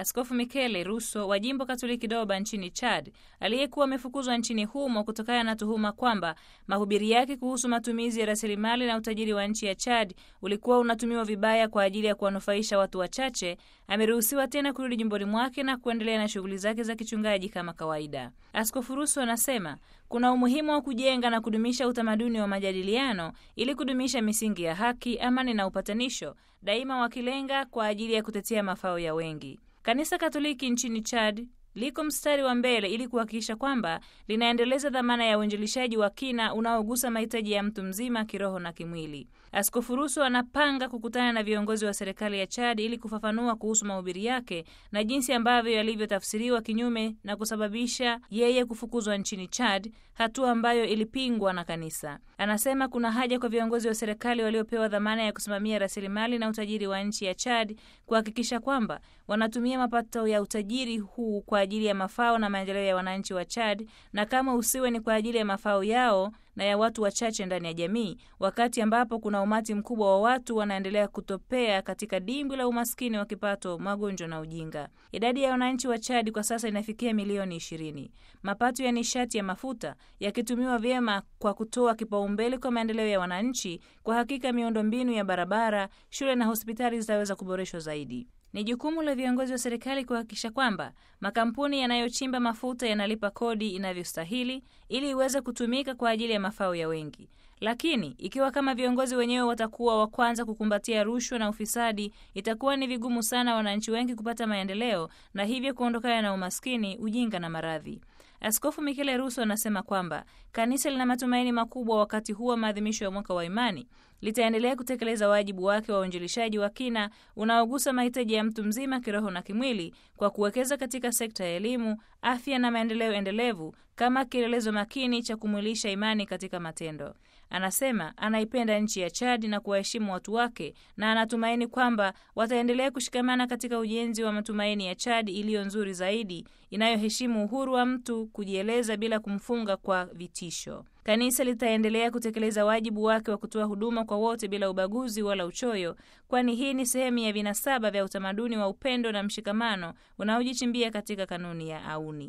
Askofu Mikele Ruso wa jimbo Katoliki Doba nchini Chad, aliyekuwa amefukuzwa nchini humo kutokana na tuhuma kwamba mahubiri yake kuhusu matumizi ya rasilimali na utajiri wa nchi ya Chad ulikuwa unatumiwa vibaya kwa ajili ya kuwanufaisha watu wachache, ameruhusiwa tena kurudi jimboni mwake na kuendelea na shughuli zake za kichungaji kama kawaida. Askofu Ruso anasema kuna umuhimu wa kujenga na kudumisha utamaduni wa majadiliano ili kudumisha misingi ya haki, amani na upatanisho, daima wakilenga kwa ajili ya kutetea mafao ya wengi. Kanisa Katoliki nchini Chad liko mstari wa mbele ili kuhakikisha kwamba linaendeleza dhamana ya uinjilishaji wa kina unaogusa mahitaji ya mtu mzima kiroho na kimwili. Askofu Ruso anapanga kukutana na viongozi wa serikali ya Chad ili kufafanua kuhusu mahubiri yake na jinsi ambavyo yalivyotafsiriwa kinyume na kusababisha yeye kufukuzwa nchini Chad, hatua ambayo ilipingwa na kanisa. Anasema kuna haja kwa viongozi wa serikali waliopewa dhamana ya kusimamia rasilimali na utajiri wa nchi ya Chad kuhakikisha kwamba wanatumia mapato ya utajiri huu kwa ajili ya mafao na maendeleo ya wananchi wa Chad, na kama usiwe ni kwa ajili ya mafao yao na ya watu wachache ndani ya jamii, wakati ambapo kuna umati mkubwa wa watu wanaendelea kutopea katika dimbwi la umaskini wa kipato, magonjwa na ujinga. Idadi ya wananchi wa Chad kwa sasa inafikia milioni ishirini. Mapato ya nishati ya mafuta yakitumiwa vyema kwa kutoa kipaumbele kwa maendeleo ya wananchi, kwa hakika miundombinu ya barabara, shule na hospitali zitaweza kuboreshwa zaidi. Ni jukumu la viongozi wa serikali kuhakikisha kwamba makampuni yanayochimba mafuta yanalipa kodi inavyostahili ili iweze kutumika kwa ajili ya mafao ya wengi. Lakini ikiwa kama viongozi wenyewe watakuwa wa kwanza kukumbatia rushwa na ufisadi, itakuwa ni vigumu sana wananchi wengi kupata maendeleo na hivyo kuondokana na umaskini, ujinga na maradhi. Askofu Mikele Ruso anasema kwamba kanisa lina matumaini makubwa wakati huu wa maadhimisho ya mwaka wa imani litaendelea kutekeleza wajibu wake wa uinjilishaji wa kina unaogusa mahitaji ya mtu mzima kiroho na kimwili kwa kuwekeza katika sekta ya elimu, afya na maendeleo endelevu kama kielelezo makini cha kumwilisha imani katika matendo. Anasema anaipenda nchi ya Chad na kuwaheshimu watu wake na anatumaini kwamba wataendelea kushikamana katika ujenzi wa matumaini ya Chad iliyo nzuri zaidi, inayoheshimu uhuru wa mtu kujieleza bila kumfunga kwa vitisho. Kanisa litaendelea kutekeleza wajibu wake wa kutoa huduma kwa wote bila ubaguzi wala uchoyo, kwani hii ni sehemu ya vinasaba vya utamaduni wa upendo na mshikamano unaojichimbia katika kanuni ya auni.